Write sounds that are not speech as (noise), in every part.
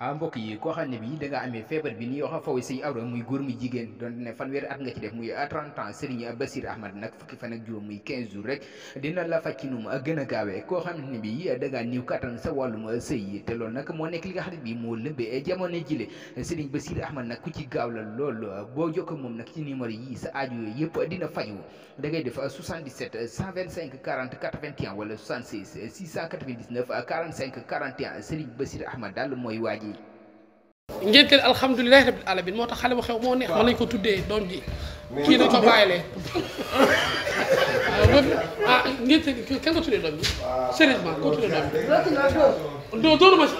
ah mbokk yi koo xam ne bii da nga amee feebar bi ñuy wax faw say awra muy góor muy jigéen doon ne fanweeri at nga ci def muy à ah, 30 a gaawee koo xam ne bii da ngaa néew kattan sa wàllum sëy moo nekk li nga xam ne bii moo Bassir Ahmad nag ku gaaw la lool boo jokkoo moom nag ci numéro yi sa aajo yëpp dina faju da ngay def 77 125 40 81 wala 76 699 mooy waaji ngénteel alhamdulilah rabbil alamin moo tax xale bu xew moo neex ma lañ ko tuddee doom ji kii nañ ko bàyyilee ah ngénteel kan nga tuddee doom ji ah. sérieusement koo tuddee doom ji doo dóoruma ci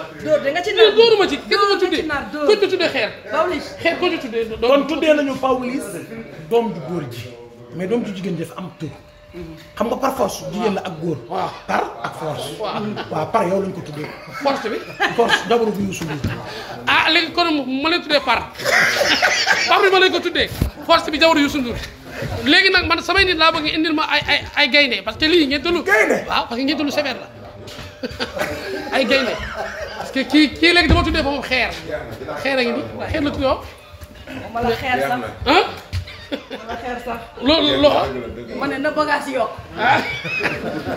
dóoruma ci kan nga tuddee ko ci tuddee xeer xeer ko ci tuddee kon tuddee nañu Pawlish doom ju góor ji mais doom ju jigéen ji dafa am tur xam nga par force. jigéen la ak góor. par ak force. waaw par yow lañ ko tuddee. force bi. force jabaru bu Youssou ah, léegi ma lay tuddee par par bi ma lañ ko léegi nag man samay nit laa bëgg nga indil ma ay ay gaynde parce que lii ngeen tëlu. gaynde waaw parce que ngeen tëlu sévère ay gaynde parce que kii kii léegi dama tuddee foofu xeer xeer a ngi nii xeer la tuddee woon. xeer la wala xeer sax. loolu loo ma ne na bagage yokk.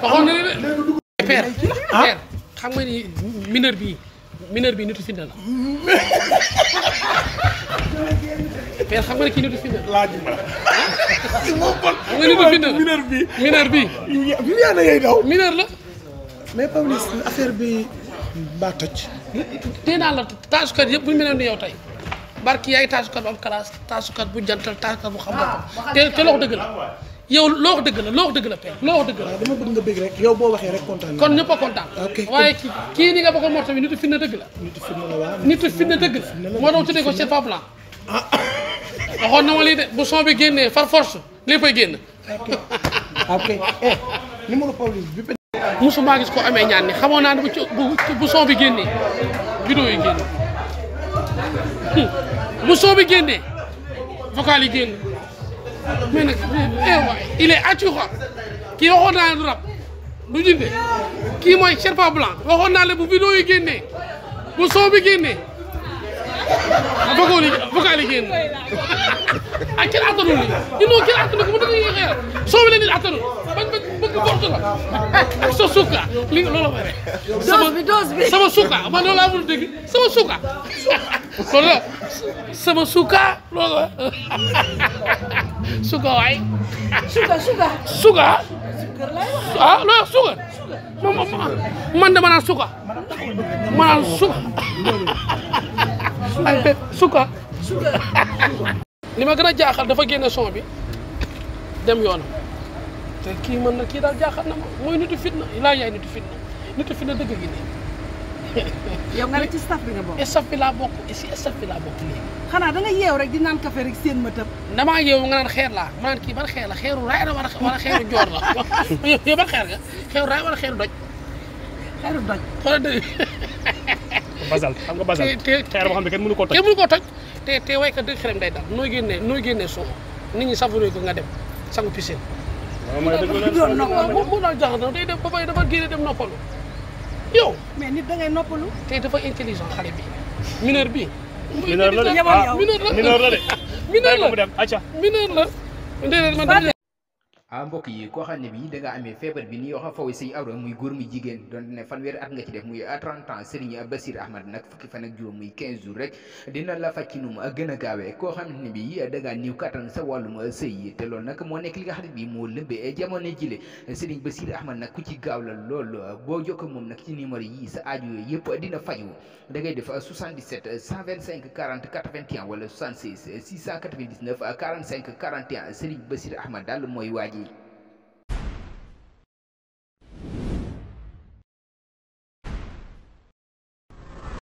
waxoon na ne père ah. père xam nga ni mineur bii mineur bii nitu Sine la. père xam kii nitu Sine la. laaj ma la. xam nga nitu Sine la mineur bi baa toj. tey naa la tâche kat yëpp bu ñu mënoon yow tey. barki yaay taasukat bu am classe taasukat bu jantal taasukat bu xam boppam ah, te te loo wax dëgg la yow loo wax dëgg la loo wax dëgg la père loo wax dëgg la ah, waxee rek kontaan kon ñëpp a kontaan waaye kii kii ni nga bëggoon moo tamit nitu finna dëgg la nitu finna dëgg la moo doon tuddee ko chef fa plan ah. waxoon na ma lii de bu son bi génnee far force léppay a ok eh, numéro police bi musuma gis ko amee ñaan ni xamoon naa ne bu bu son bi génnee vidéo génn bu soobi génnee vocal yi génn mais nag eh waay il kii waxoon naa rab du jinde kii mooy Sherpa Blanc waxoon bu vidéo yi génnee bu soobi génnee vocal yi vocal yi génn (laughs) ah kenn attanul li ñun kenn attanul ko mu dëgg yéexee la soobi la nit attanul bañ bañ bëgg bortu la ak (laughs) sa suuka li loolu la ma dose bi dose bi sama loolu laa mën a dégg sama (laughs) la sama suka loolu la suka waay. suka suka. suka. loolu la suka. man de ma naan suka. ma naan suka. suka. li ma gën a jaaxal dafa génne son bi dem yoonam te kii man na kii daal jaaxal na ma mooy nitu fitna laa yaay nitu fitna nitu fitna dëgg gi nii. (laughs) yow nga ci staff bi nga bokk. staff bi laa bokk si staff laa bokk xanaa da nga rek di naan café rek seen ma tëb. damaa yeew nga naan xeer laa ma naan kii ban xeer la xeeru raay la wala xeeru joor la (laughs) yow ban xeer nga xeeru raay (laughs) xam nga basal. te te xeer boo xam ne kenn mënu koo toj. kenn mënu koo toj te te waykat dëgg xerem day dal nooy génne nooy génne soo nit ñi savouré ko nga dem sangu piscine. waaw mooy dëgg la bu day dem ba dafa génne dem noppalu yow. mais nit da ngay noppalu. intelligent xale bi mineur bi. mineur la de ah, mineur la de (laughs) ah mbokk yi koo xam ne bii da nga amee feebar bi ni yoo xam faw say awra muy góor muy jigéen doon ne fanweeri at nga ci def muy à ah, 30 ans Serigne Bassir Ahmad nag fukki fan ak juróom a gaawee koo xam ne bii da ngaa néew kattan sa moo nekk nga xam ne bii moo lëmbee jamono jile Serigne Bassir Ahmad nag ku ci gaaw la lool boo jokkoo moom nag ci numéro yi sa aajo yëpp dina faju da ngay def a 125 40 81 wala 76 699 45 41 Serigne Bassir Ahmad daal mooy waaji